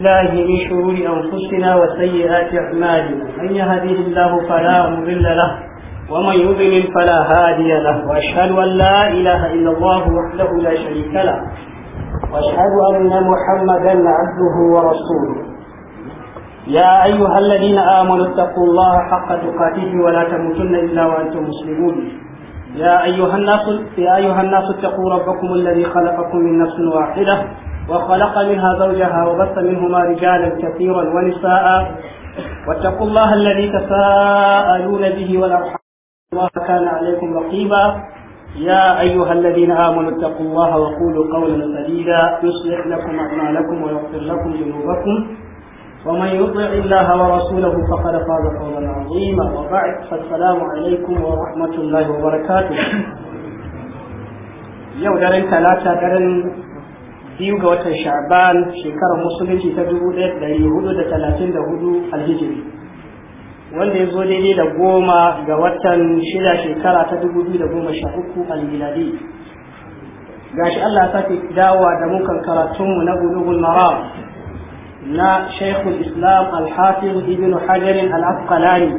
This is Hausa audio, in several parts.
الله من شرور أنفسنا وسيئات أعمالنا من يهديه الله فلا مضل له ومن يضلل فلا هادي له وأشهد أن لا إله إلا الله وحده لا شريك له وأشهد أن محمدا عبده ورسوله يا أيها الذين آمنوا اتقوا الله حق تقاته ولا تموتن إلا وأنتم مسلمون يا أيها الناس يا أيها الناس اتقوا ربكم الذي خلقكم من نفس واحدة وخلق منها زوجها وبث منهما رجالا كثيرا ونساء واتقوا الله الذي تساءلون به والأرحام الله كان عليكم رقيبا يا أيها الذين آمنوا اتقوا الله وقولوا قولا سديدا يصلح لكم أعمالكم ويغفر لكم ذنوبكم ومن يطع الله ورسوله فقد فاز قولا عظيما وبعد فالسلام عليكم ورحمة الله وبركاته يوم درن ثلاثة درن biyu ga watan sha'ban shekarar musulunci ta dubu ɗaya da ɗari hudu da talatin da hudu alhijiri wanda ya zo daidai da goma ga watan shida shekara ta dubu biyu da goma sha uku almiladi gashi Allah ya sake dawa da mukan karatunmu na bulughul maram na shaikhul islam alhafiz hafiz ibn hajar al-asqalani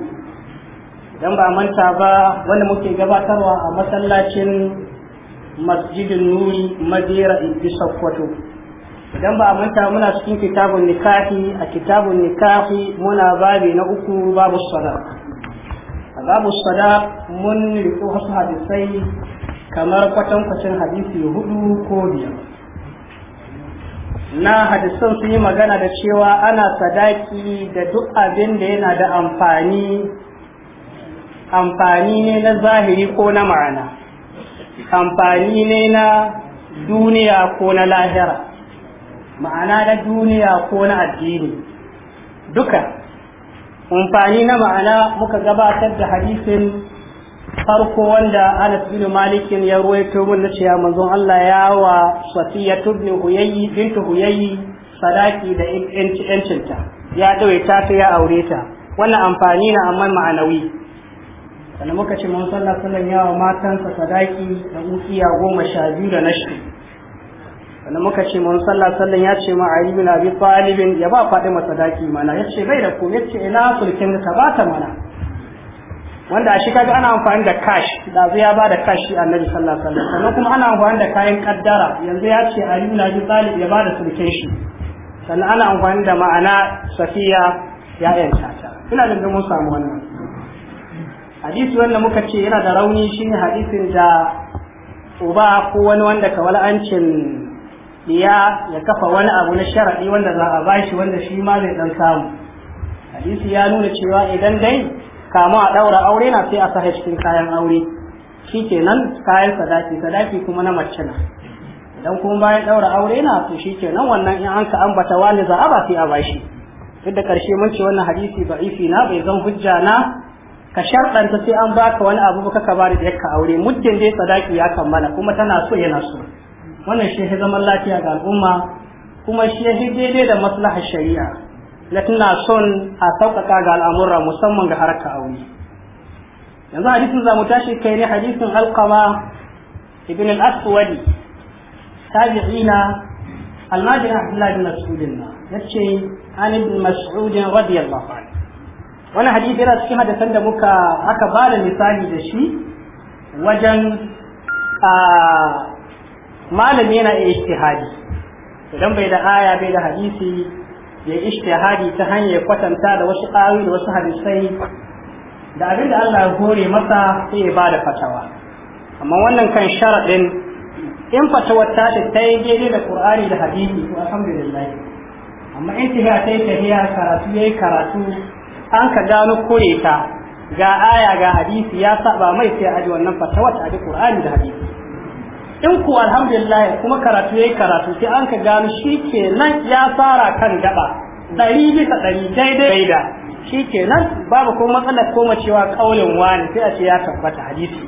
dan ba manta ba wanda muke gabatarwa a masallacin masjidin nuri madera bi sokoto idan ba manta muna cikin kitabun nikahi a kitabun nikahi muna babi na uku babu sada a babu sada mun riko wasu hadisai kamar kwatankwacin hadisi hudu ko biyar na hadisan sun yi magana da cewa ana sadaki da duk abin da yana da amfani amfani ne na zahiri ko na ma'ana amfani ne na duniya ko na lahira ma'ana na duniya ko na addini duka amfani na ma'ana muka gabatar da hadisin farko wanda Anas bin Malik ya ruwaito mun na cewa manzon Allah ya wa Safiya ibn Huyayyi bintu Huyayyi sadaki da yancinta ya dawaita ta ya aure ta wannan amfani na amma ma'anawi sannan muka ce mun sallah sallan yawa matansa sadaki da ukiya goma sha biyu da nashi sannan muka ce mun sallah sallan ya ce ma Ali bin Abi talibin ya ba Fatima sadaki mana ya ce bai da ko ya ce ina sulkin ka ba ta mana wanda a shi kaga ana amfani da cash da zai ya ba da cash shi Annabi sallallahu alaihi wasallam sannan kuma ana amfani da kayan kaddara yanzu ya ce Ali bin Abi Talib ya ba da sulkin shi sannan ana amfani da ma'ana safiya ya yanta ta ina da mun samu wannan hadisi wanda muka ce yana da rauni shine hadisin da uba ko wani wanda ka wal'ancin diya ya kafa wani abu na sharaɗi wanda za a bashi wanda shi ma zai ɗan samu hadisi ya nuna cewa idan dai kama a ɗaura aure na sai a sa cikin kayan aure shi ke nan kayan sadaki sadaki kuma na mace na idan kuma bayan ɗaura aure na to shi nan wannan in an ka ambata wani za a ba sai a bashi duk da ƙarshe mun ce wannan hadisi ba'ifi na bai zan hujja na ka sharɗanta sai an baka wani abu baka ka bari da ka aure muddin dai sadaki ya kammala kuma tana so yana so wannan shi ya zaman lafiya ga al'umma kuma shi ya daidai da maslahar shari'a na tana son a sauƙaƙa ga al'amura musamman ga harka aure yanzu hadisin za mu tashi kai ne hadisin alƙama ibn al-aswadi tabi'ina almajin abdullahi bin mas'udin na ce an ibn mas'udin radiyallahu anhu wani hadisi yana cikin hadisan da muka aka ba da misali da shi wajen malami yana iya ishtihadi idan bai da aya bai da hadisi ya ishtihadi ta hanyar kwatanta da wasu ayoyi da wasu hadisai da abin da Allah ya hore masa sai ya ba da fatawa amma wannan kan sharaɗin in fatawar ta ce ta yi daidai da ƙur'ani da hadisi to alhamdulillah amma in tafiya ta yi tafiya karatu ya yi karatu an ka gano kore ta ga aya ga hadisi ya saba mai sai aji wannan fata wata aji qur'ani da hadisi in ku alhamdulillah kuma karatu yayi karatu sai an ka gano shikenan ya fara kan gaba dari bisa dari daidai da shikenan babu ko matsalar ko cewa kaulin wani sai a ce ya tabbata hadisi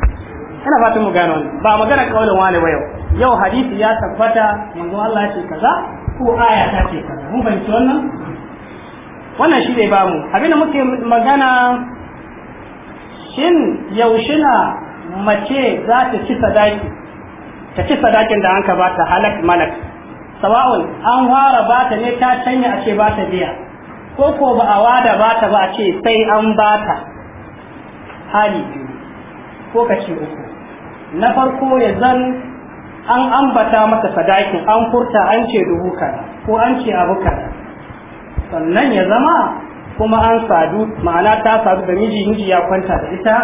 ana fatan mu gano ba magana kaulin wani ba yau yau hadisi ya tabbata manzo Allah ya ce kaza ko aya ta ce kaza mun fahimci wannan wannan shi ne bamu abinda muke magana shin yaushe na mace za ta ci sadaki ta ci sadakin da an ka ba ta halak malak sawa'un an fara ba ta ne ta canya a ce ba ta biya ko ko ba a wada ba ta ba a ce sai an ba ta hali biyu ko ka ce uku na farko ya zan an ambata masa sadakin an furta an ce dubu kaza ko an ce abu kaza sannan ya zama kuma an sadu ma'ana ta sadu da miji miji ya kwanta da ita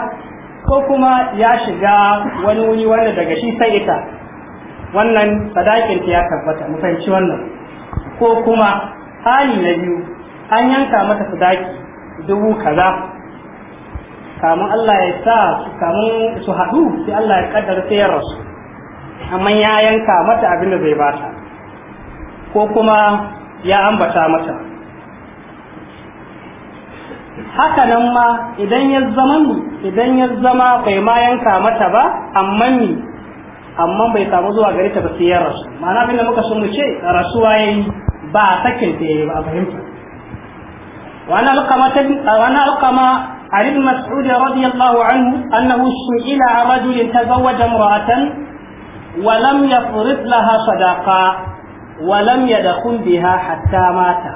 ko kuma ya shiga wani wuni wanda daga shi sai ita wannan sadakin ta ya tabbata mu fahimci wannan ko kuma hali na biyu an yanka mata sadaki dubu kaza kamun Allah ya sa kamun su haɗu sai Allah ya kaddara sai ya rasu amma ya yanka mata abin da zai bata ko kuma ya ambata mata haka nan ma idan ya zama ni idan ya zama bai ma yanka mata ba amma ni amma bai samu zuwa gare ta ba sai ya rasu ma'ana abinda muka sun ce rasuwa ya yi ba a sakin ta yi ba a fahimta wani alkama ta wani alkama Ali bin Mas'ud radiyallahu anhu annahu su'ila an rajulin ta zawwaja mu'atan wa lam yafrid sadaka walam ya da yadkhul biha hatta mata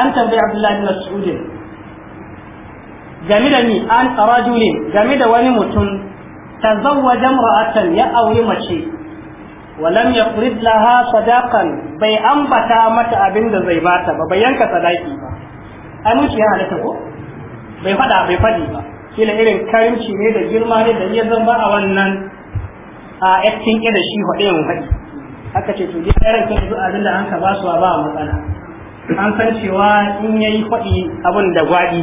an tambayi Abdullahi bin Mas'ud game da ni an rajulin game da wani mutum tazawwaja imra'atan ya auri mace walam yafrid laha sadaqan bai ambata mata abin da zai bata ba bai yanka sadaki ba ai mun ya halatta ko bai fada bai fadi ba kila irin karimci ne da girma ne da ya zamba a wannan a yakin da shi hade mun hadi haka ce to dai yaran kin zuwa abin da an ka ba su ba matsala an san cewa in yayi fadi abin da gwadi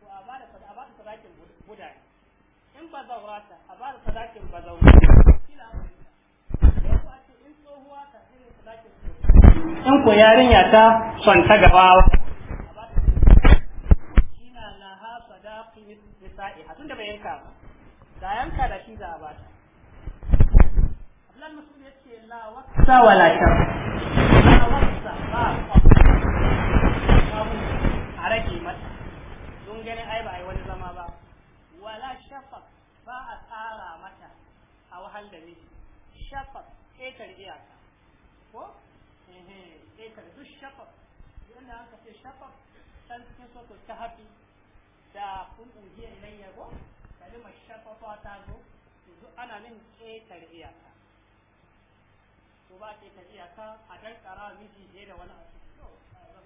to a ba da sadakin budari in ba zaurata a ba da sadakin ba zaurata in ko yarinya ta son ta gaba ina laha sadaqi nisa'i tunda bai yanka ba da yanka da shi za a bata Allah mutum yace la waqta wala ganin ai ba ai wani zama ba wala shafaq ba a tsara mata a wahal da miji shafaq ƙetar iyaka ko eh ƙetar duk shafaq yanda aka ce shafaq san cikin soto ta hafi da kun ujiya ilayya ko kalimar shafafa ta zo duk ana min ƙetar iyaka to ba ƙetar iyaka a tsara miji ne da wani abu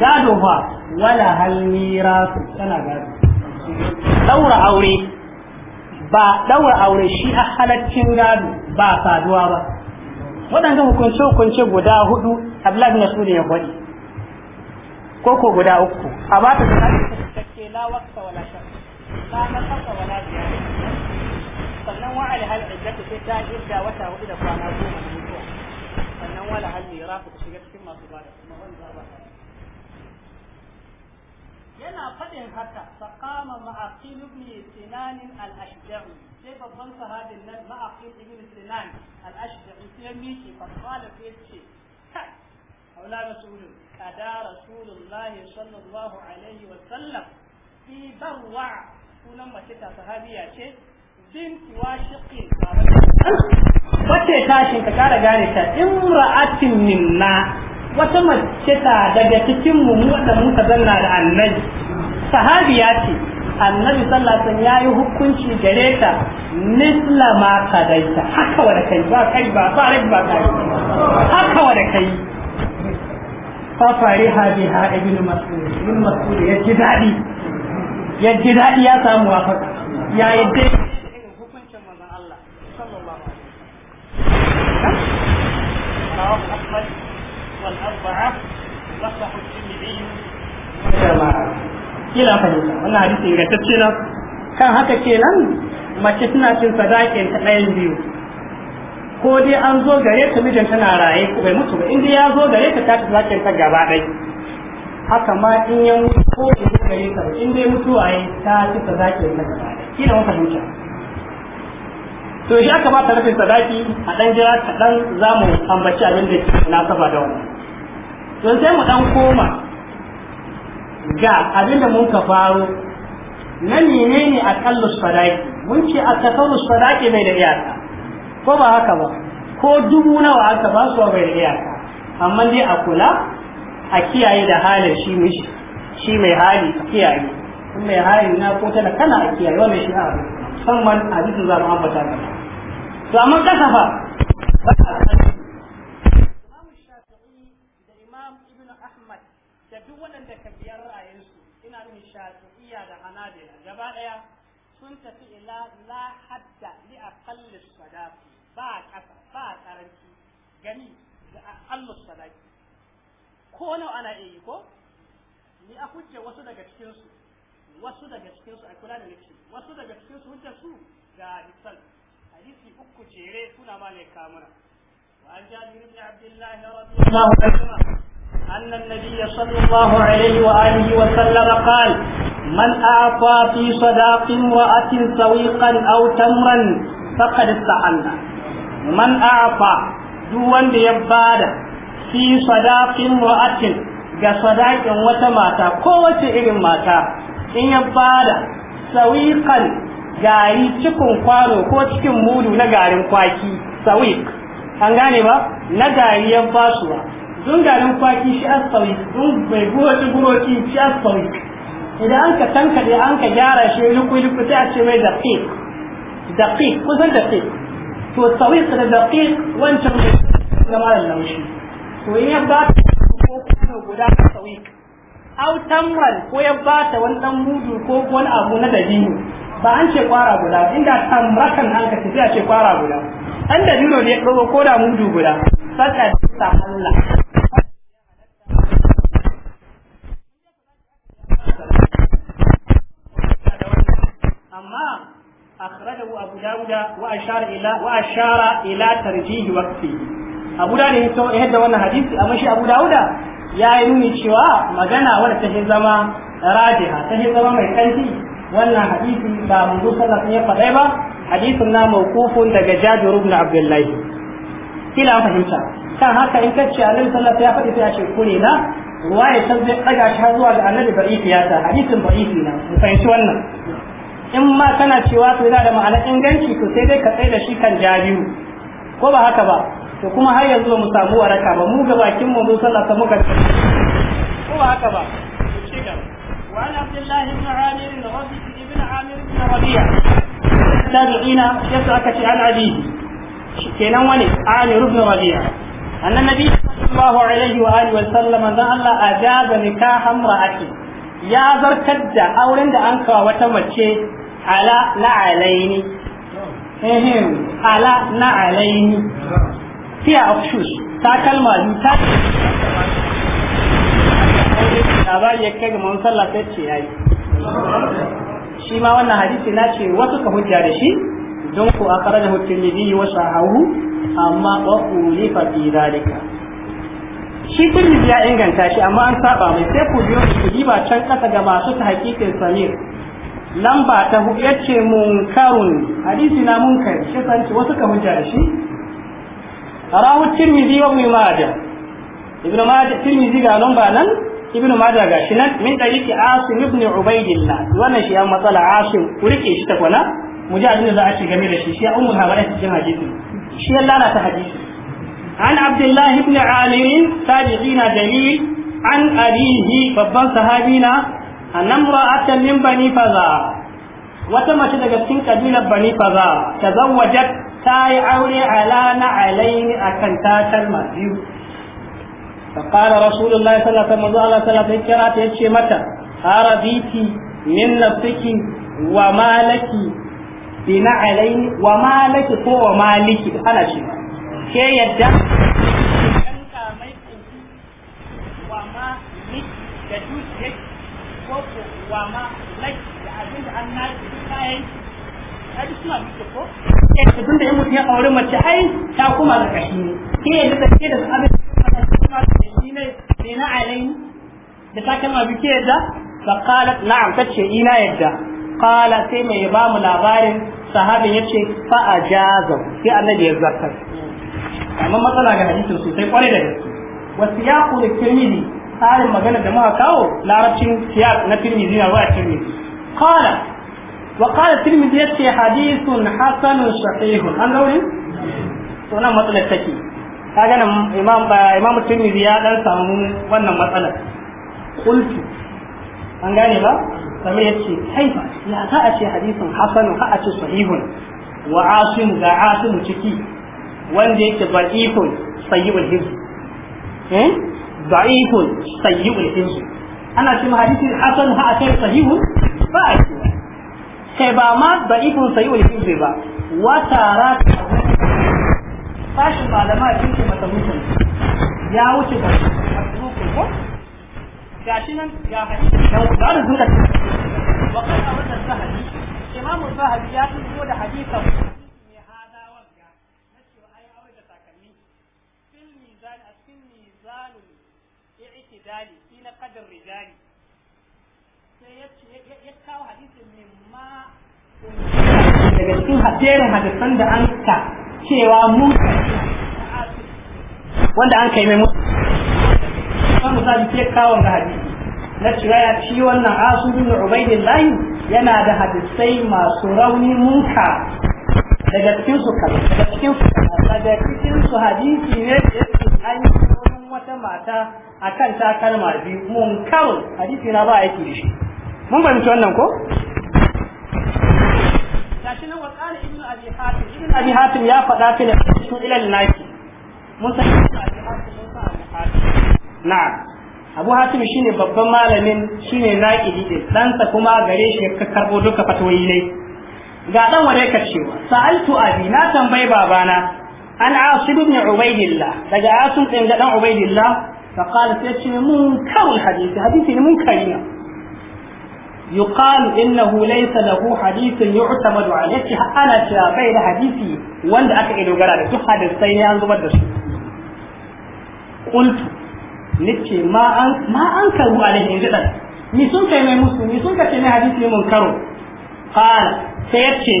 gado fa wala hal mirasu tana gado daura aure ba daura aure shi a halaccin gado ba saduwa ba waɗanda hukunce hukunce guda hudu abdullahi su mas'ud ya gwadi, ko ko guda uku a ba ta ta la waqta wala ba na nafasa wala ziyara sannan wa al hal iddatu ta ta jirga wata hudu da kwana goma ne sannan wala hal mirasu ta shiga cikin masu bada kuma wanda ba yana faɗin haka faqama ma'aqil ibn sinan al-ashja'i sai babban sahabin nan ma'aqil ibn sinan al-ashja'i sai miki fa qala sai ce kai aula rasul kada rasulullahi sallallahu alaihi wa sallam fi barwa sunan mace ta sahabiya ce bint washiqin wace tashin ka kara gane ta imra'atin minna wata mace ta daga cikin mu mu da muka zanna da annabi sahabiya ce annabi sallallahu alaihi yayi hukunci gare ta misla ma kadaita haka wa da kai ba kai ba ba rai ba kai haka wa da kai fa fariha ha ibn mas'ud ibn mas'ud ya ji dadi ya ji dadi ya samu wafaka ya yi dai والأربعة وصح الترمذي kila fahimta wannan hadisi ingantacce na kan haka kenan mace suna cin sadakin ta ɗayan biyu ko dai an zo gare ta mijin tana raye ko bai mutu ba in dai ya zo gare ta ta ci sadakin ta gaba ɗai haka ma in ya mutu ko ya zo gare ta in dai mutuwa ya ta ci sadakin ta gaba ɗai kila mun fahimta to shi aka ba ta rufin sadaki a ɗan jira ɗan za mu ambaci abin da ke nasaba da wannan don sai mu dan koma ga abinda mun ka faro na menene akallu sadaki mun ce a akasaru sadaki mai da iyaka ko ba haka ba ko dubu nawa aka ba su mai da iyaka amma dai a kula a kiyaye da halin shi mishi shi mai hali a kiyaye kuma mai hali na ko tana kana a kiyaye wannan shi a musamman a za mu ambata ka to amma kasafa ba a waɗanda ka biyar ra'ayinsu ina nufin shafi'iyya da hanabila gaba ɗaya sun tafi ila la hadda li aqalli sadaqi ba kasa ba karanci gani da aqallu sadaqi ko nawa ana iya yi ko ni a hujja wasu daga cikin su wasu daga cikin su a kula da nake wasu daga cikin su hujja su ga misal hadisi uku jere suna ma ne kamuna وعن جابر بن عبد الله رضي الله أن النبي صلى الله عليه وآله وسلم قال من أعطى في صداق امرأة سويقا أو تمرا فقد استحل من أعطى دون يبادة في صداق امرأة كصداق وتماتا قوة إبن ماتا إن يبادة سويقا gari cikin kwano ko cikin mudu na garin kwaki sawik an gane ba na gari yan basuwa don garin kwaki shi asfawi don mai buroci buroci shi asfawi idan an ka tanka da an ka gyara shi liku liku sai a ce mai daqiq daqiq kusan daqiq to sawiq da daqiq wancan mai gama da laushi to in ya ba ta ko kuma guda sawiq au tamwal ko ya ba ta wani dan mudu ko wani abu na dabino ba an ce kwara guda inda tamrakan an ka sai a ce kwara guda dan dabino ne ya ko da mudu guda saka ta Allah وابو داود واشار الى واشار الى ترجيح وقته ابو داود to yadda wannan hadisi amma shi abu dauda ya yi nuni cewa magana wadda ta zama rajiha ta zama mai kanti wannan hadisi da manzo sallallahu alaihi ya faɗa ba hadisin na mawqufun daga Jabir ibn Abdullah kila fahimta kan haka in kace Annabi sallallahu alaihi wasallam ya faɗi sai a ce kure na ruwaya san zai daga shi zuwa ga Annabi ba'ifi ya hadisin ba'ifi na fahimci wannan in ma kana cewa to yana da ma'anar inganci to sai dai ka tsaye da shi kan jabiru ko ba haka ba to kuma har yanzu mu samu waraka ba mu ga bakin mu sallah ta muka ko ba haka ba shi ga wa ana abdullahi ibn amir ibn amir ibn rabi'a tabi'ina yasu aka ce an abi kenan wani amir ibn rabi'a annan nabi sallallahu alaihi wa alihi wa sallam dan Allah ajaba nikahan ra'ati ya zartar da auren da an kawo wata mace ala na alaini ehem ala na alaini tiya of shoes ta kalma biyu ta labari ya kai ga mun sallah sai ce yayi shi ma wannan hadisi na ce wasu ka hujja da shi don ku akara akaraja hutirmidhi wa sahahu amma wa qulifa fi dalika shi tirmidhi ya inganta shi amma an saba mai sai ku biyo ku diba can kasa ga masu ta hakikin samir lamba ta hudu karu munkarun hadisi na kai shi san ce wasu ka hujja shi rawu tirmizi wa ibn maja ibn maja tirmizi ga lamba nan ibn maja ga shi nan min dariki asim ibn ubaidillah wannan shi ya matsala asim kurike shi ta kwana Mu ji abin da za a ce game da shi shi ya ummul ta cikin hadisi shi ya lalata hadisi an abdullahi ibn alim tabi'ina dalil an abihi babban sahabina annamra'atan min bani faza wata mace daga cikin kabilar bani faza tazawwajat ta yi aure ala na alaini akan tatar biyu فقال رسول الله صلى الله عليه وسلم الله صلى الله عليه وسلم يتشي متى min من نفسك وما لك بنا wa وما لك وما ke yadda yanka mai tsinki wa ma da dukiyar ko wa ma lai da abin da an naci bayan kaji suna bike ko eh to tunda yayin ya aure mace ai ta kuma da kashi ne ke yanzu da ke da abin da kuma da kashi ne ne na alai da ta kama bike yadda fa qalat na'am ce ina yadda qala sai mai ba mu labarin sahabin yace fa ajaza sai annabi ya zartar. amma matsala ga hadisin sosai kwarai da gaske wasu ya kula tirmidhi tsarin magana da muka kawo larabcin siyaq na tirmidhi na ruwa tirmidhi qala wa qala tirmidhi yace hadithun hasanun sahihun an daure to nan matsalar take kaga gana imam imam tirmidhi ya dan samu wannan matsalar Kulki. an gane ba kamar yace haifa. ya za a ce hadithun hasanun ha a ce sahihun wa asim ga asim ciki wanda yake da'ifun sayyibul hifz eh da'ifun sayyi'ul hinsu ana cewa hadisin hasan ha a kai sahihu ba a cewa kai ba ma da'ifun sayyi'ul hinsu ba wata rata fashin malama sun ce mata mutum ya wuce ba ko gashi nan ga hadisi dan da zuwa wa kana ya da rijali ila qadar rijali sai ya kawo hadisin mimma daga cikin hadirin hadisan da an ka cewa mu wanda an kai mai mutu kan misali sai kawo ga hadisi na cewa ya ci wannan asu bin ubaidillah yana da hadisai masu rauni munka daga cikin su daga daga cikin hadisi ne da wata mata a kan takalma biyu munkarun hadisi na ba a aiki da shi mun fahimci wannan ko gashi nan wa qala ibnu abi hatim ibnu abi hatim ya faɗa fil su ila naki mun san ibnu abi hatim mun san abi hatim na'am abu hatim shine babban malamin shine naqidi din ɗansa kuma gare shi ka karbo duka fatawoyi ne ga dan wanda ka cewa sa'altu abi na tambayi babana an asib ibn ubaidillah daga asim din ga dan ubaidillah fa qala sai ce mun kawul hadisi hadisi ne mun kariya yuqal innahu laysa lahu hadithun yu'tamadu alayhi ana cewa bai da hadisi wanda aka yi dogara da duk hadisai ne an zubar da shi. qultu nace ma an ma an karu alayhi dan ni sun kai mai musu ni sun kace mai hadisi mun karo qala sai ce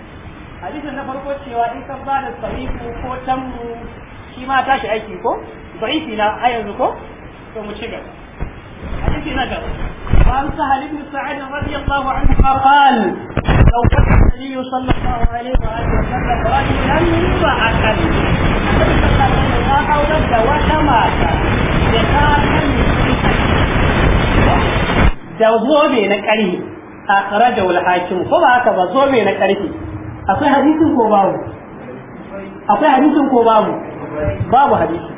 hadisin na farko cewa in ka ba da sahihu ko tammu shi ma tashi aiki ko da'ifi na a yanzu ko to mu ci gaba hadisi na gaba وعن سهل بن سعد رضي الله عنه قال لو كان النبي صلى الله عليه واله وسلم رجلا امرأة لا حول ولا مات يتاكل da zobe na ƙarfi a rajawul hakim ko ba haka ba zobe na ƙarfi akwai hadisin ko babu akwai hadisin ko babu babu hadisi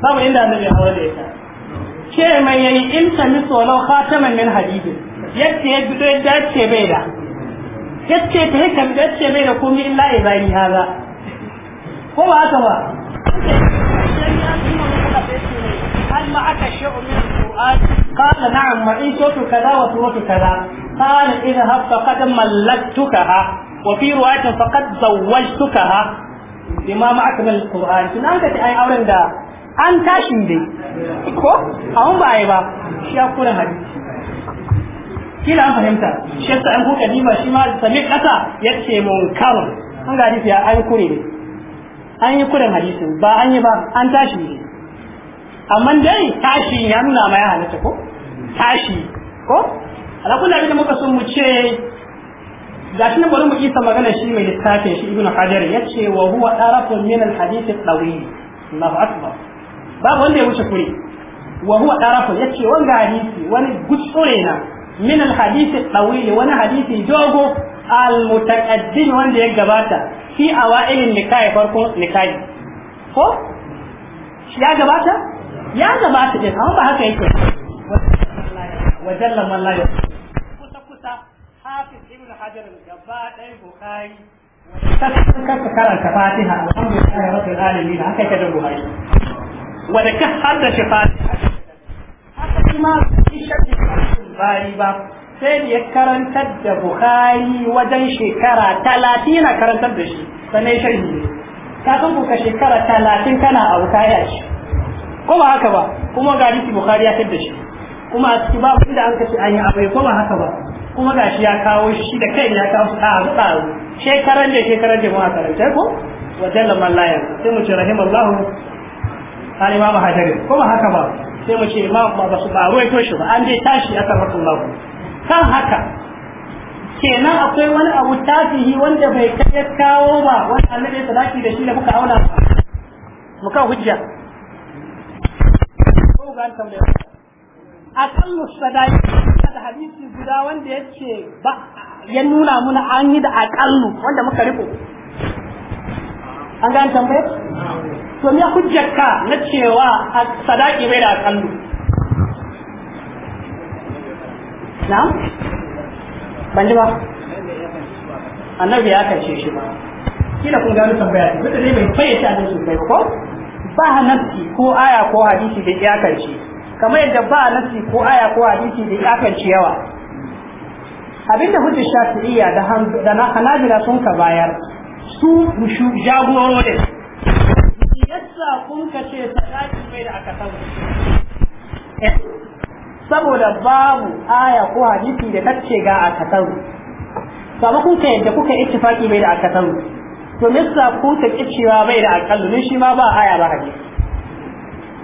babu inda annabi ya haura da ita ce mai yayi in ta miso lau khataman min hadidin yace ya bido ya dace bai da yace ta hika dace bai da komai illa ibani haza ko ba haka ba هل معك شيء من القرآن؟ قال نعم معي كذا وصوت كذا قال اذهب فقد ملكتكها wa fi ruwayatin faqad zawwajtukaha imam akmal alquran kin an kace ai auren da an tashin dai ko an ba ai ba shi ya kula hadisi kila an fahimta shi an buka dima shi ma sami kasa yace munkarun an ga hadisi ya an kure an yi kuren hadisin ba an yi ba an tashi ne amma dai tashi ya nuna ma ya halatta ko tashi ko ala kullu da muka sun gashi nan bari mu isa magana shi mai littafin shi ibnu hajar yace wa huwa tarafun min al hadith al tawil Allahu akbar babu wanda ya wuce kure wa huwa tarafun yace wanga hadisi wani gutsure na min al hadith al tawil wani hadisi dogo al mutaqaddim wanda ya gabata fi awailin nikahi farkon nikahi ko ya gabata ya gabata din amma ba haka yake wajalla man la hajar gaba ɗaya bukari kasa karanta fatiha alhamdulillahi rabbil alamin haka yake da buhari wanda ka haddace fatiha haka kuma shi shafi bari ba sai da ya karantar da buhari wajen shekara talatin na karantar da shi sanai ya sharhi ne kasan kuka shekara talatin kana a wuta ya shi ko ba haka ba kuma ga hadisi buhari ya tar da shi kuma a ciki babu inda an kashe an yi abai ko ba haka ba kuma shi ya kawo shi da kai ya kawo tsaro tsaro shekaran da shekaran da muka karanta ko wa jalla man sai mu ce rahimallahu alima ba hadari kuma haka ba sai mu ce ma ba ba su ba to shi ba an dai tashi aka rahimahullahu kan haka kenan akwai wani abu tafihi wanda bai kai ya kawo ba wani annabi ya dace da shi da kuka auna mu kan hujja ko ga tambayar akallu sadaki da hadisi guda wanda ya ce ba ya nuna muna an yi da akallu wanda muka riko an gane tambaye to me hujjarka na cewa a sadaki bai da akallu na ban ji ba annabi ya kace shi ba kila kun gano tambaya ce duk da dai bai fayyace abin sosai ba ko ba hanafi ko aya ko hadisi bai iyakance kamar yadda ba nasi ko aya ko hadisi da iyakan ciyawa abinda hujja shafi'iyya da da na hanabila sun ka bayar su mushu jagororin yasa kun ka ce sadaki mai da aka eh, saboda babu aya ko hadisi da tace ga aka san kamar kun ka yadda kuka ittifaki mai da aka san to yasa kun ta kicewa mai da akallu ne shi ma ba aya ba hadisi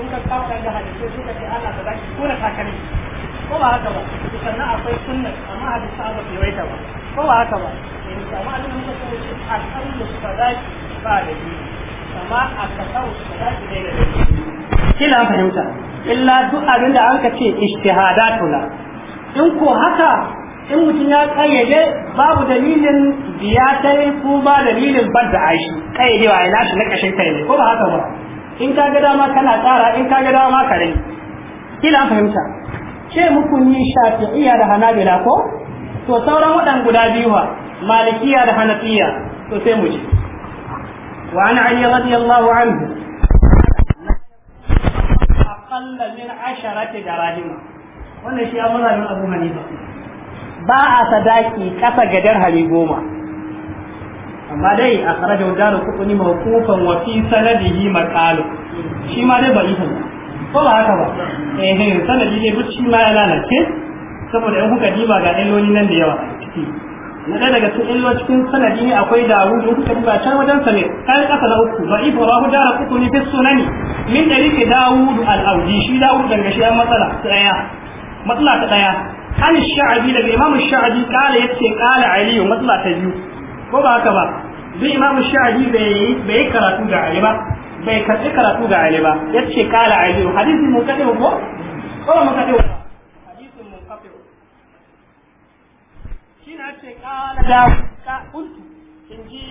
sun ka da hadisi suka ce Allah ba za ki kura takalmi ko ba haka ba na akwai sunnar amma hadisi ba bai waita ba ko ba haka ba yanzu eh, amma abin da suka ce a kan da suka zaki ba da biyu amma a ka kawo suka zaki dai da biyu kila an fahimta illa duk abin da an ka ce ishtihadatuna in ko haka in mutum ya kayyade babu dalilin biya ta ko ba dalilin ban da aishi kayyadewa ya lashe na kashin kai ne ko ba haka ba in ka ga dama kana tsara in ka ga dama ka rai kila fahimta ce muku ni shafi'iyya da hanabila ko to sauran wadan guda biyu ha malikiya da hanafiya to sai mu ji wa an ali radiyallahu anhu aqalla min asharati darahim wannan shi amma da Abu Hanifa ba a sadaki kasa gadar hari goma amma dai a kare da wadda kuɗi mawkufan wa fi sanadihi maqalu shi ma dai ba yi ko ba haka ba eh eh sanadi ne duk shi ma ya lalace saboda in kuka diba ga illoli nan da yawa na ɗaya daga cikin illolin cikin sanadi ne akwai daru da kuka diba can wajen sa ne kai kasa na uku ba ifa rahu dara kuɗi fi sunani min ke dawud al-audi shi dawud daga shi matsala tsaya matsala ta daya an sha'abi daga imam sha'abi kala yace kala aliyu matsala ta biyu ko ba haka ba duk imam shahi bai yi karatu da ali ba bai karɓi karatu da ali ba yace kala ali hadisi mun kaɗe ko ko ba mun kaɗe ba hadisin mun kaɗe shi na ce kala da kuntu in ji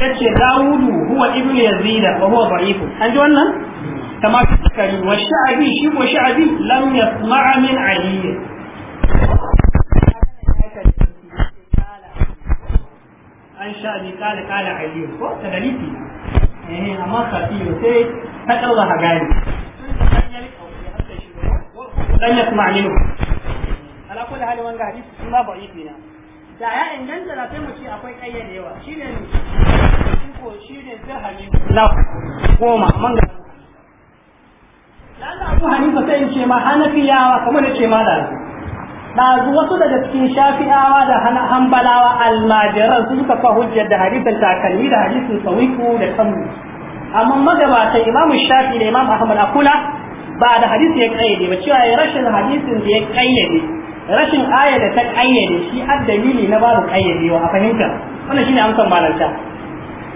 ya ce dawudu huwa ibn yazida wa huwa da'ifu an ji wannan kama ta kari wa sha'abi shi ko sha'abi lam yasma'a min ali misali kala aliyu ko ta dalili eh amma safiyo sai ta kawo ha gani dan ya kuma aminu ala kulli hali wanga hadisi kuma da'ifi na da ya inganta da sai mu ce akwai kayyade yawa shine ko shine zahani na goma manga lalla abu hanifa sai in ce ma hanafiyawa kuma da ce ma da ɗazu wasu daga cikin shafi'awa da hanbalawa almajiran su suka fa hujjar da hadisin takalmi da hadisin sawiku da kanmu amma magabatan imamu shafi da imam ahmad akula ba da hadisi ya kayyade ba cewa ya rashin hadisin da ya kayyade rashin aya da ta kayyade shi ad dalili na babu kayyadewa a fahimta wannan shine amsan malanta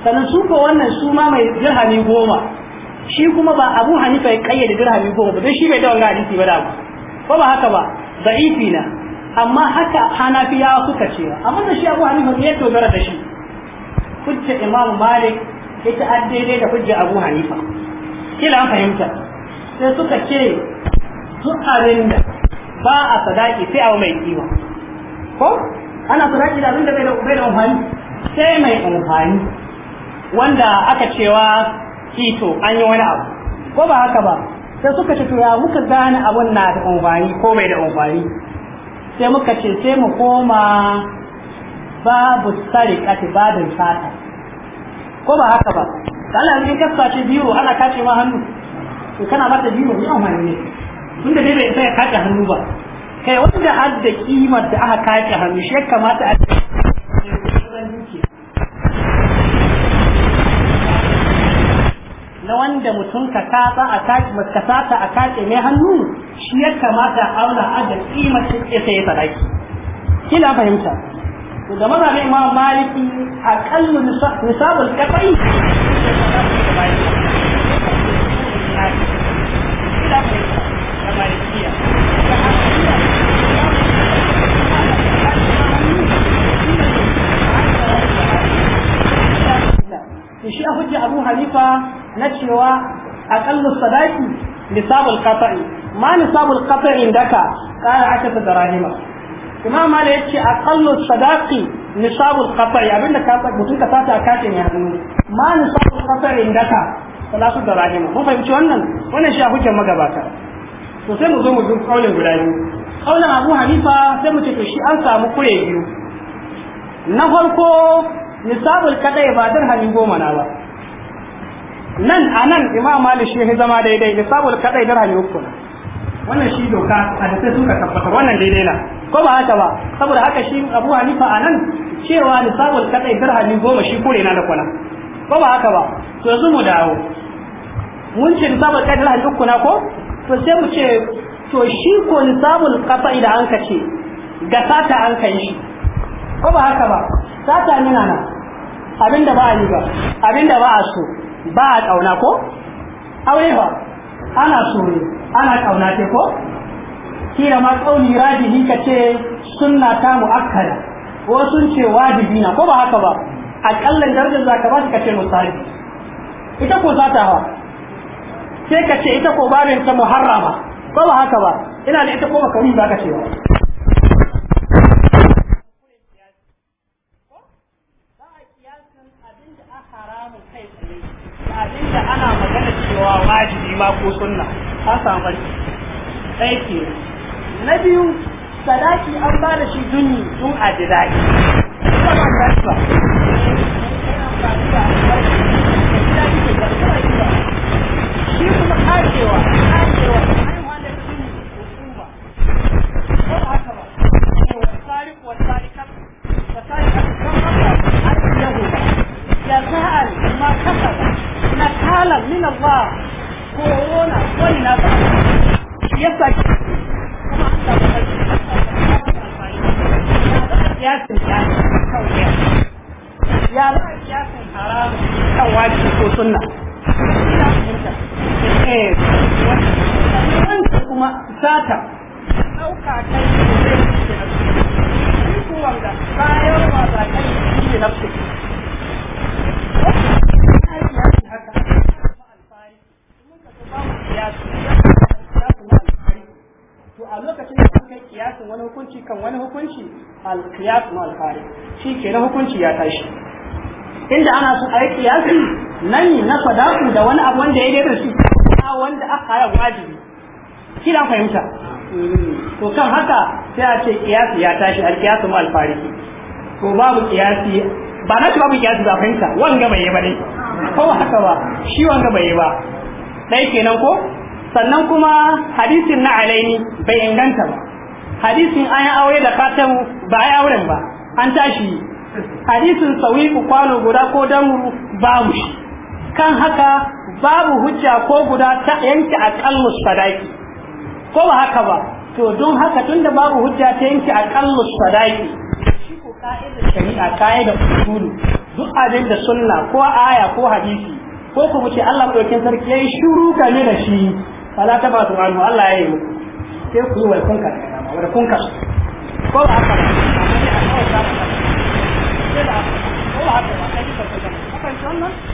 sannan su ko wannan su ma mai dirhami goma shi kuma ba abu hanifa ya kayyade dirhami goma ba don shi bai da wani hadisi ba da ko ba haka ba da'ifi na amma haka hanafiyawa suka ce amma da shi abu hanifa ya dogara da shi hujja imam malik ita an da hujja abu hanifa kila an fahimta sai suka ce duk abin ba a sadaki sai abu mai kiwa ko ana sadaki da abin bai da amfani sai mai amfani wanda aka cewa kito an yi wani abu ko ba haka ba sai suka ce to ya muka gane abun na da amfani ko bai da amfani sai muka ce sai mu koma babu sarikati babin fata ko ba haka ba Allah in ka sace biyu ana kace ma hannu to kana mata biyu ne amma ne tunda dai bai sai kace hannu ba kai wanda har da kimar da aka kace hannu shi kamata a ce na wanda mutum ka kasa a ka sata a kace mai hannu shi ya kamata aula da kima sai sai sadaki kina fahimta to da maza bai maliki a nisabul qat'i kina fahimta shi a hujja abu hanifa na cewa sadaki sadaqi nisabul qata'i ma nisabul qata'in daka qala akata darahima imam mali yace aqallu sadaqi nisabul qata'i abinda ka sa mutum ka sata katin ya hannu ma nisabul qata'in daka salatu darahima mun fahimci wannan wannan shi a hukuncin magabata to sai mu zo mu duk kaulin guda biyu kaulin Abu Hanifa sai mu ce to shi an samu kure biyu na farko nisabul qata'i ba dirhami goma na ba nan a nan imam malik shi ya zama daidai sabul kadai ne uku wannan shi doka a da sai suka tabbatar wannan daidai na ko ba haka ba saboda haka shi abu hanifa a nan cewa sabul kadai ne goma shi kore na da kwana ko ba haka ba to yanzu mu dawo mun ce sabul kadai dirhami uku na ko to sai mu ce to shi ko sabul kadai da an kace ga sata an kai shi ko ba haka ba sata ne na abinda ba a yi ba abinda ba a so ba a ƙauna ko aure ba ana sure ana ƙauna ce ko kira ma kauli rajihi ka ce suna ta muakkada ko sun ce wajibi na ko ba haka ba A ƙallon darajar ka ba ka ce misali ita ko za ta ba sai ka ce ita ko babin ta muharrama ko ba haka ba ina da ita ko ba kauri ba ka ce ba cewa wajibi ma ko sunna ka samu ɗaya ke na biyu sadaki an ba da shi dunyi tun a ji shi kuma kacewa da wani abu wanda ya daidai da A wanda aka haya wajibi kina fahimta to kan haka sai a ce kiyasi ya tashi al kiyasu ma alfariki ko babu kiyasi ba na babu kiyasi ba fahimta wanga bai yi ba ne ko haka ba shi wanga bai yi ba dai kenan ko sannan kuma hadisin na alaini bai inganta ba hadisin an aure da katan ba yi auren ba an tashi hadisin ku kwano guda ko damuru mu shi kan haka babu hujja ko guda ta yanke aƙallu sadaki ko ba haka ba to don haka tunda babu hujja ta yanke aƙallu sadaki shi ko ka'idar shari'a ka'idar usulu duk abin da sunna ko aya ko hadisi ko ku Allah madaukin sarki shiru da shi fala ta ba su Allah ya yi muku sai ku yi walkun ko ba haka ba a ba ko ba haka ba kai ka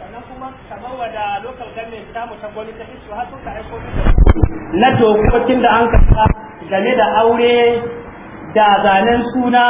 sannan kuma kamar wada local government tamu ta gwani ta isu har suka aiko na dokokin da an kasa game da aure da zanen suna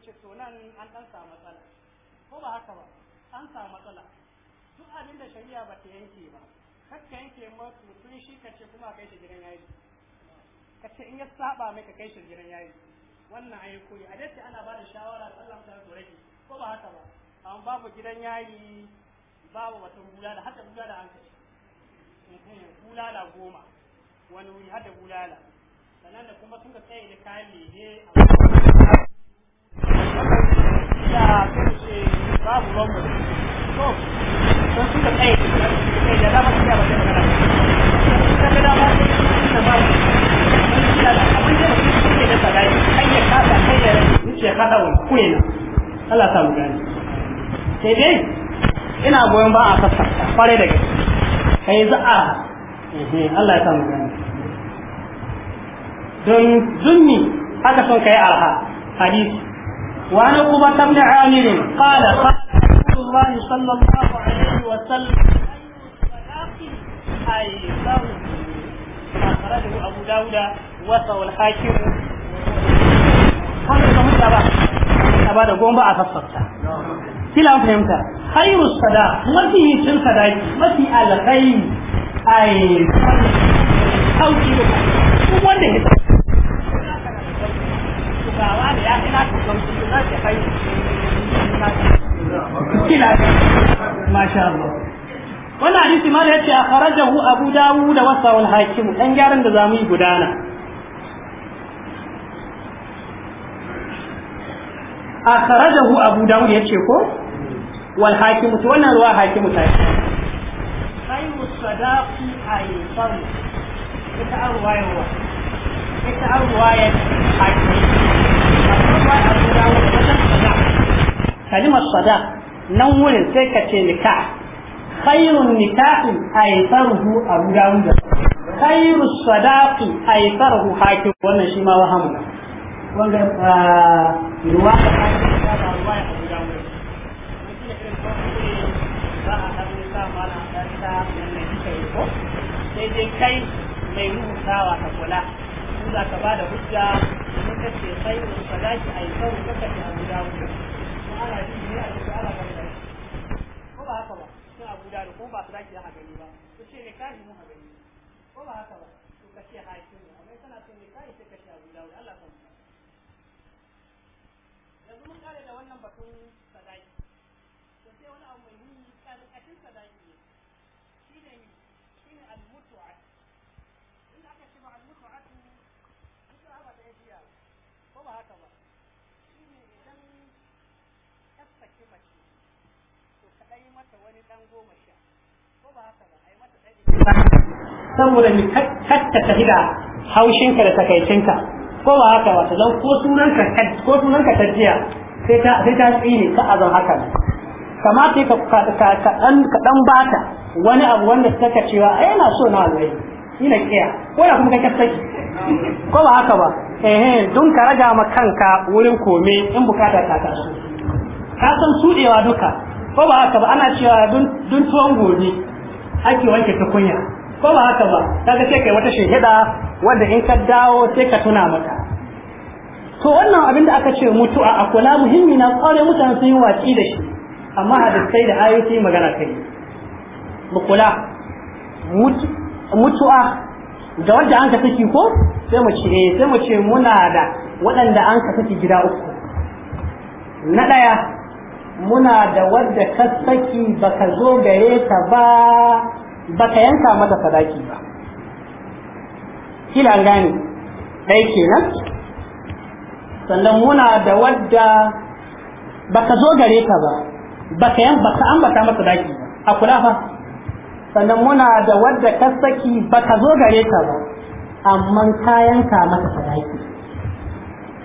ce to nan an dan samu matsala ko ba haka ba an samu matsala duk abin da shari'a ba ta yanke ba kakka yanke masu tun shi ka ce kuma kai shi gidan yayi ka ce in ya saba mai ka kai shi gidan yayi wannan ayi koyi a dace ana ba da shawara Allah ta rage ko ba haka ba amma babu gidan yayi babu batun bulala hada bulala an kai bulala goma wani wuri hada bulala sannan da kuma sun ka tsaye da kayan lehe a Allah ina goyon ba a da gaske kai za'a ya ta gani don zunni aka son yi arha hadisi وعن عقبة بن عامر قال قال رسول الله صلى الله عليه وسلم أي أخرجه أبو داود وصل الحاكم a sassafta kila an fahimta da kuma ما شاء الله wani hadisi ma da yace akhrajahu abu dawud da wasa wal hakim dan gyaran da zamu yi gudana akhrajahu abu dawud yace ko wal hakim to wannan ruwa hakim ta ce khayru sadaqi ayfan ita arwaya ita arwaya hakim kalimar sada nan wurin sai ka ce nika khairun nikahin aitharuhu abu dawud khairu sadaqi aitharuhu hakim wannan shi ma wahamu wanda ah, ruwa sai dai kai mai rubutawa ka kula su za ka ba da hujja ka ce sai da salati ai Abu ko ana ji ne a cikin ala kan da ko ba haka ba sun Abu ko ba gani ba ce ne kai mu gani ko ba haka ba amma ne kai Allah kan yanzu mun kare da wannan batun saboda ni katta ta hida haushinka da takaicinka ko ba haka ba zan ko sunanka ko sunanka tajiya sai ta sai ta tsine ka azan haka kamata ka ka ka dan ka dan bata wani abu wanda take cewa ai na so na alwai ina kiya ko da kuma ka kaftaki ko ba haka ba eh dun ka raga ma kanka wurin kome in bukata ta taso ka san sudewa duka ko ba haka ba ana cewa dun tuwon gobe ake wanke tukunya ko ba haka ba kaga sai kai wata shehida wanda in ka dawo sai ka tuna maka? to wannan abin da aka ce mutu'a a kula muhimmi na kware mutane sun yi watsi da shi amma sai da ayoyi magana kai mu kula mutu'a ga wanda an ka saki ko sai mu ce eh, sai mu ce muna da waɗanda an ka saki gida uku na ɗaya muna da wadda ka saki baka zo gare ta ba baka yanka mata sadaki ba kila gane ɗaya kenan sannan muna da wadda baka zo gare ta ba baka yan baka ambata mata sadaki ba a kula fa sannan muna da wadda ka saki baka zo gare ta ba amma ka yanka mata sadaki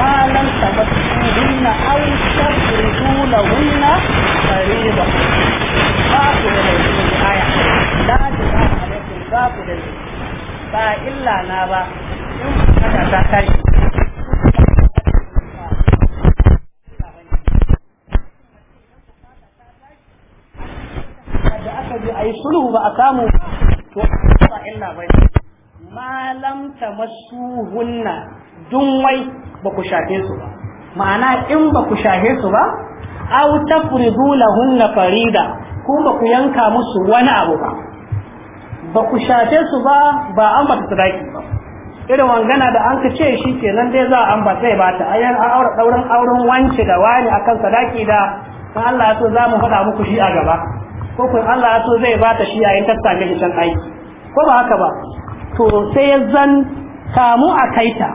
ما لم تمسوهن أو تفرضوا لهن فريضة باطل الذي آية لا جناح عليكم باطل ba illa na ba in kada ta da aka ji a yi sulhu ba a samu to malam ta masu dun ba ku shafe su ba ma'ana in ba ku shafe su ba aw tafridu lahunna farida ko ba ku yanka musu wani abu ba ba ku shafe su ba ba an ba sadaki ba irin wangana da an ka ce shi nan dai za a an ba sai ba ta ayan aure dauran auren wance da wani akan sadaki da in Allah ya so za mu faɗa muku shi a gaba ko kun Allah ya so zai ba ta shi a yin tattalin shi can aiki ko ba haka ba to sai ya zan samu a kaita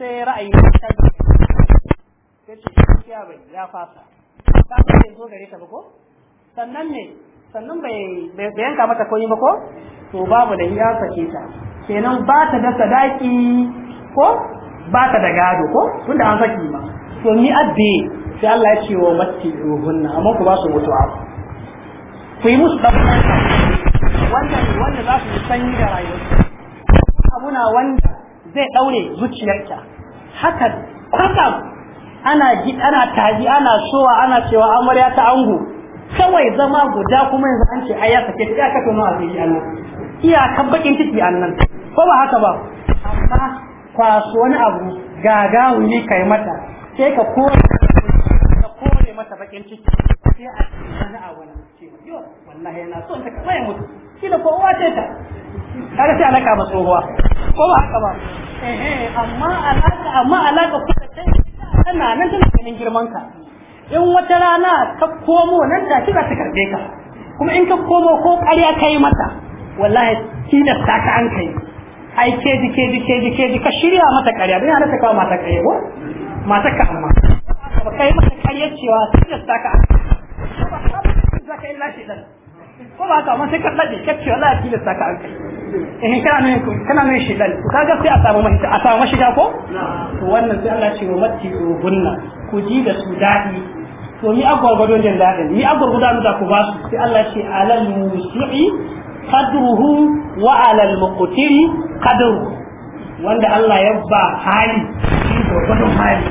sai ra'ayi ta sai ce gaskiya bai ya fasa ta sai zo gare ta ba ko sannan ne sannan bai bai yanka mata koyi ba ko to babu da ya sake ta kenan ba ta da sadaki ko ba ta da gado ko tunda an saki ma to ni abbe sai Allah ya ce wa matiruhunna amma ku ba su mutuwa ku yi musu ɗaukar Wannan wanda za su sanyi da rayuwarsu abuna wanda zai daure zuciyarta haka haka ana ji ana taji ana sowa ana cewa amarya ta ango kawai zama guda kuma yanzu an ce ayya take ta ka tono a fili annan iya kan bakin ciki annan ko ba haka ba amma kwaso wani abu gagawu ne kai mata sai ka kore ka kore mata bakin ciki sai a wani abu na yo wallahi na son ta kai mutu kila ko uwa ce ta kaga sai alaka ba tsohuwa ko ba haka ba eh amma alaka amma alaka ku da kai na nan tana ganin girman ka in wata rana ka komo nan ta kira ta karbe ka kuma in ka komo ko ƙarya kai mata wallahi kila ta ka an kai ai ke ji ke ji ke ji ke ji ka shirya mata ƙarya don yana ta kawo mata ƙarya ko mata ka amma ba kai mata ƙarya cewa kila ta ka an kai ba ka ko ba haka ka dade kacce wallahi tilasta ka alƙai eh kana nan kana shi sai a samu mahita a samu shiga ko to wannan sai Allah ce wa matti ku ji da su dadi to ni agwargwado jin dadin agwargwado da ku ba su sai Allah ce alal musi'i qadruhu wa alal muqtiri wanda Allah ya ba hali shi hali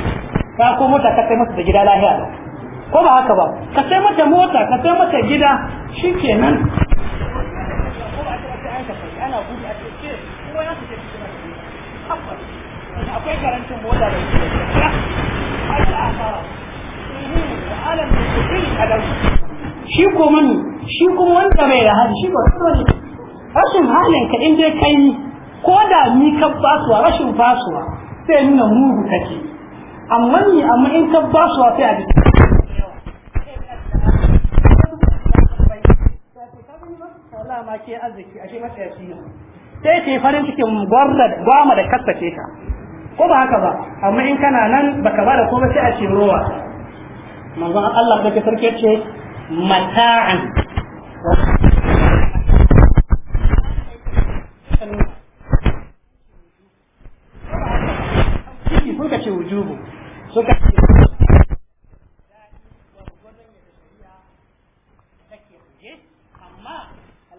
ka ko mota ka kai masa da gida lahiya ko ba haka ba ka sai mata mota ka sai mata gida shikenan akwai karancin mota da da shi ko mani shi kuma wanda bai da hali shi ko tsoro rashin halin ka in ya kai ko da ni ka basuwa rashin basuwa sai nuna mugu kake amma ni amma in ka basuwa sai a bi Allah ma ke arziki ashe mata yafi ne sai ce farin cikin da kasace ka ko ba haka ba amma in kana nan baka da kuma sai a ce ruwa manzon Allah da ke sarki ce mata'an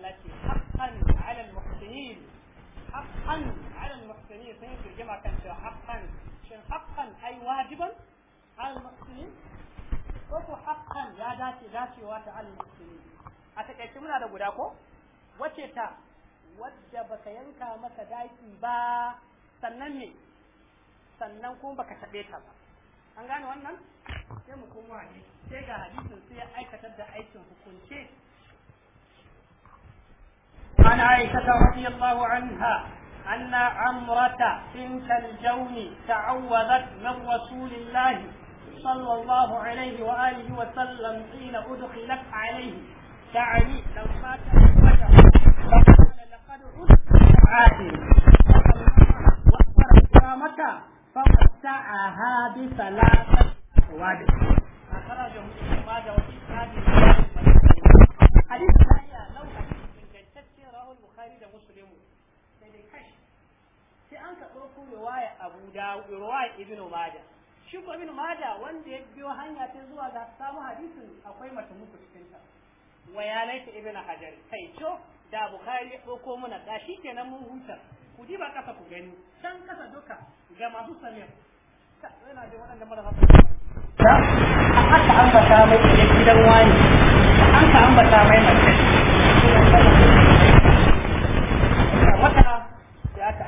التي حقا على المحسنين حقا على المحسنين 'ala ذاتي ya dace dacewa a takaice muna da guda sannan kuma baka tabe ta ba an gane wannan sai mu kuma sai ga hadisin sai ya aikatar da aikin hukunce عن عائشة رضي الله عنها أن عمرة بنت الجون تعوذت من رسول الله صلى الله عليه وآله وسلم حين أدخلت عليه يعني لو مات لقد عشت عادل وقرأ قامك فقطعها بثلاثة أسواد أخرجه ابن ماجه وفي حديث bukhari da muslimu sai dai kashi sai an ka ɗauko riwaya abu da riwaya ibnu majah shi ko ibnu majah wanda ya biyo hanya ta zuwa ga samu hadisin akwai mata muku cikin ta wa ya laita ibnu hajar kai to da bukhari ko ko muna da shi kenan mun huta ku ji ba kasa ku gani can kasa duka ga masu ta yana da waɗanda marasa a aka ambata mai gidan wani an ka ambata mai mace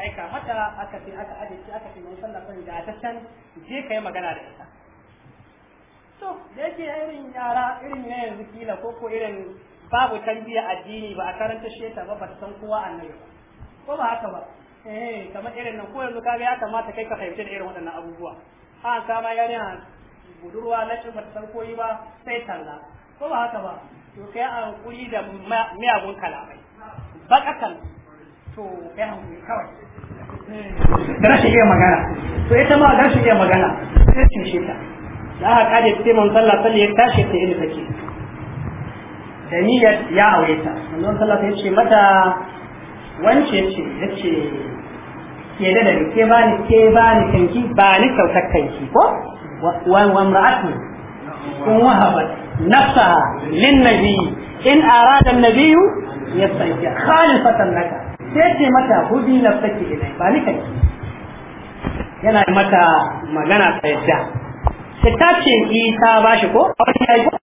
aika mata aka ce aka ajiye aka ce mai sallah sai da ta can je kai magana da ita to da yake irin yara irin ne yanzu kila ko ko irin babu tanbiya addini ba a karanta sheta ba ba ta san kowa annabi ba ko ba haka ba eh kamar irin nan ko yanzu kaga ya kamata kai ka fahimci da irin waɗannan abubuwa a yare ha budurwa na cin ba ta san koyi ba sai talla ko ba haka ba to kai a hankuri da miyagun kalamai kan to kai hankuri kawai da shi iya magana to ita ma da shi iya magana sai cuce ta da aka kaje sai mun sallah sallah ya tashi ta inda take da ni ya aure ta wannan sallah sai ce mata wance ce yace ke da da ke ba ni ke ba ni kanki ba ni kautar kanki ko wa imra'atu kun wahabat nafsaha lin nabi in arada an-nabi yastaja khalifatan laka sai ce mata na fake ne ba ni kai yana mata magana ta yadda sai ta ce i eh, ta shi ko a wani yayi ko